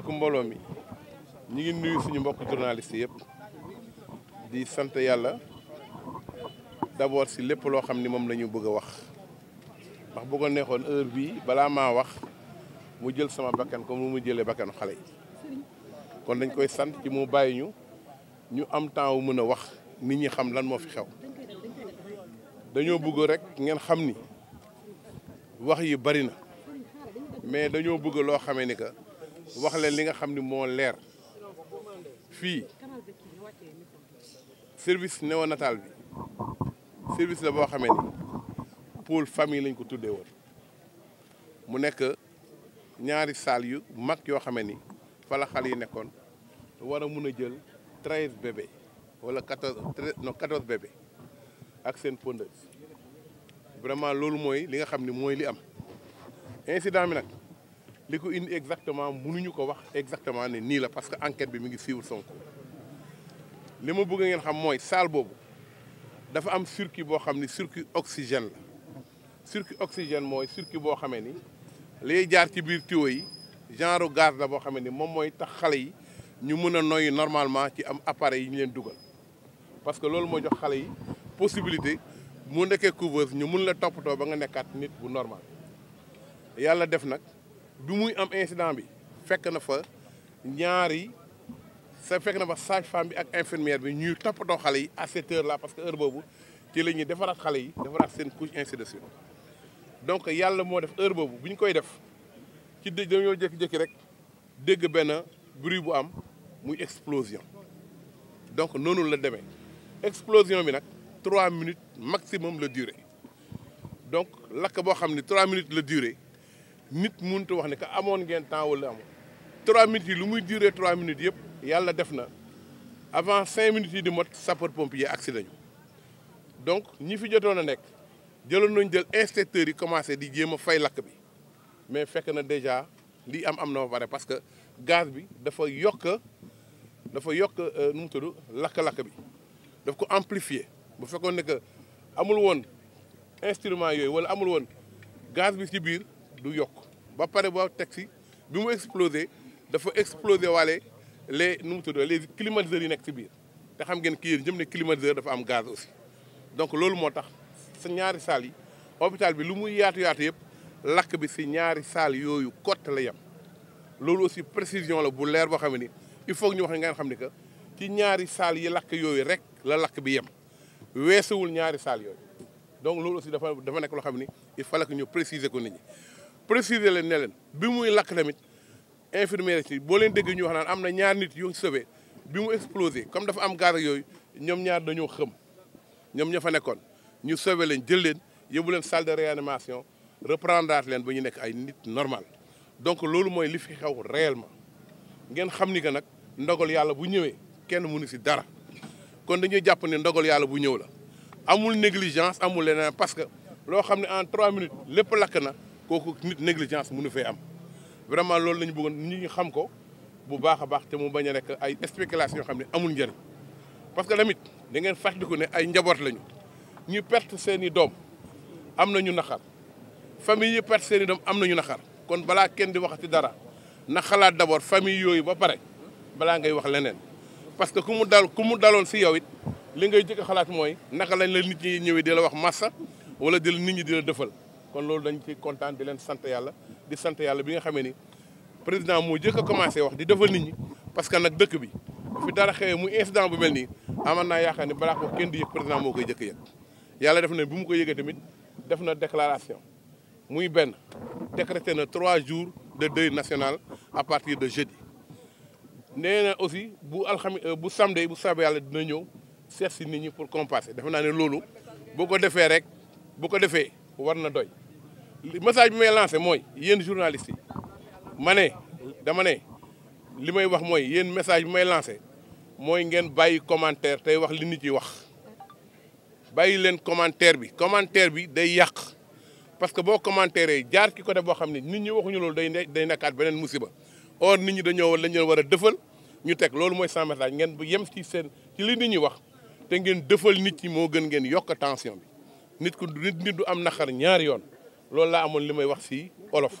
asalaamaaleykum mbooloo mi ñu ngi suñu mbokk journaliste yëpp di sant yàlla d'abord si lépp loo xam ni moom la bëgg a wax ndax bu ko neexoon bii balaa maa wax mu jël sama bakkan comme mu jëlee bakkanu xale kon dañ koy sant ci mu bàyyi ñu ñu am temps mën a wax ni ñi xam lan moo fi xew dañoo bëgg rek ngeen xam ni wax yi bari mais dañoo bëgg loo xamee ni que waxleen li nga xam ni moo leer fii service nataal bi service la boo xamee ni pôle famille lañ ko tuddee woon mu nekk ñaari salle yu mag yoo xamee ni falaxal yi nekkoon war a mun a jël treize bébé wala quatorze non quatorze bébé ak seen pondeuse vraiment loolu mooy li nga xam ni mooy li am insident bi nag. li ko indi exactement mu ñu ko wax exactement ne nii la parce que enquête bi mi ngi suivre Sonko li ma bëgg ngeen xam mooy salle boobu dafa am circuit boo xam ni circuit oxygène la circuit oxygène mooy circuit boo xamee ni liy jaar ci biir tuyau yi genre gaz la boo xamee ni moom mooy tax xale yi ñu mën a noy normalement ci am appareil yi ñu leen dugal parce que loolu moo jox xale yi possibilité mu nekkee couveuse ñu mun la toppatoo ba nga nekkaat nit bu normal yàlla def nag bi muy am incident bi fekk na fa ñaari sa fekk na fa sage-femme bi ak infirmière bi ñuy toppatoo xale yi à cette heure parce que heure boobu ci la ñuy defaraat xale yi defaraat seen couche ainsi de donc yàlla moo def heure boobu bu ñu koy def ci dëj dañoo jékki jëkki rek dégg benn bruit bu am muy explosion donc noonu la demee explosion bi nag trois minutes maximum la durée donc lakk boo xam ne trois minutes la durée nit mënut wax ne que amoon ngeen temps wala amoon trois minutes yi lu muy duré trois minutes yëpp yàlla def na avant cinq minutes yi di mot sapeur pompier agsi nañu donc ñi fi jotoon a nekk jëloon nañ jël inspecteurs yi commencé di jéem a fay lakk bi mais fekk na déjà li am am na ba pare parce que gaz bi dafa yokk dafa yokk euh, nu mu tudd lakk-lakk bi daf ko amplifier bu fekkoon ne amul woon instrument yooyu wala amul woon gaz bi ci biir du yokk ba pare ba teg si bi mu explosé dafa explosé waale les nu mu tudd les climatiseurs yi nekk si biir te xam ngeen kii yéen jëm ne climatiseur dafa am gaz aussi donc loolu moo tax sa ñaari saal yi hôpital bi lu muy yaatu yaatu yëpp lakk bi si ñaari saal yooyu kott la yem loolu aussi précision la bu leer boo xam ne il faut ñu wax ngeen xam ni que ci ñaari saal yi lakk yooyu rek la lakk bi yem weesuwul ñaari saal yooyu donc loolu aussi dafa dafa nekk loo xam ni il fallait que ñu ko nit préciser leen ne leen bi muy lakk tamit infirmière ci boo leen dégg ñu wax naan am na ñaar nit yu sauvé bi mu explosé comme dafa am gaz yooyu ñoom ñaar dañoo xëm ñoom ña fa nekkoon ñu sauvé leen jël leen yóbbu leen salle de réanimation reprendraat leen ba ñu nekk ay nit normal donc loolu mooy li fi xew réellement ngeen xam ni que nag ndogal yàlla bu ñëwee kenn mënu si dara kon dañuy jàpp ne ndogal yàlla bu ñëw la amul négligence amul leneen parce que loo xam ne en trois minutes lépp lakk na kooku nit négligence nu fee am vraiment loolu la ñu bëggoon nit ñi xam ko bu baax a baax te mu bañ a rek ay spéculation yoo xam ne amul njëriñ parce que tamit da ngeen di ku ne ay njaboot lañu ñi perte seen i doom am na ñu naxar famille yi perte seen i doom am nañu naxar kon balaa kenn di waxati dara na xalaat d'abord famille yooyu ba pare balaa ngay wax leneen parce que ku mu dal ku mu daloon si yow it li ngay jëkk xalaat mooy naka lañ la nit ñi ñëwee di a wax massa wala di nit ñi di la dëfal kon loolu dañ ci kontaan di leen sant yàlla di sant yàlla bi nga xamee ni président moo jëkk a commencé wax di defal nit ñi parce que nag dëkk bi fi dara xewee muy incident bu mel nii aman naa yaakaar ni balaa ko kenn di yëg président moo koy jëkk yëg yàlla def na bu mu ko yëgee tamit def na déclaration muy benn décrété na trois jours de deuil national à partir de jeudi nee aussi bu alxamis euh, bu samedi bu sabe yàlla dina ñëw seet si nit ñi pour compenser defe naa ne loolu boo ko defee rek bu ko defee war na doy message bi may lancé mooy yéen journalistes yi ma ne dama ne li may wax mooy yéen message bi may lancé mooy ngeen bàyyi commentaire tey wax li nit yi wax bàyyi leen commentaire bi commentaire bi day yàq parce que boo commentaire jaar ki ko def boo xam ne nit ñi waxuñu loolu day day nekkaat beneen musiba or nit ñi dañoo lañ leen war a dëfal ñu teg loolu mooy sans message ngeen yem si seen ci li nit ñi wax te ngeen dëfal nit ñi moo gën ngeen yokk tension bi nit ku nit nit du am naqar ñaari yoon loolu laa amoon li may wax ci olof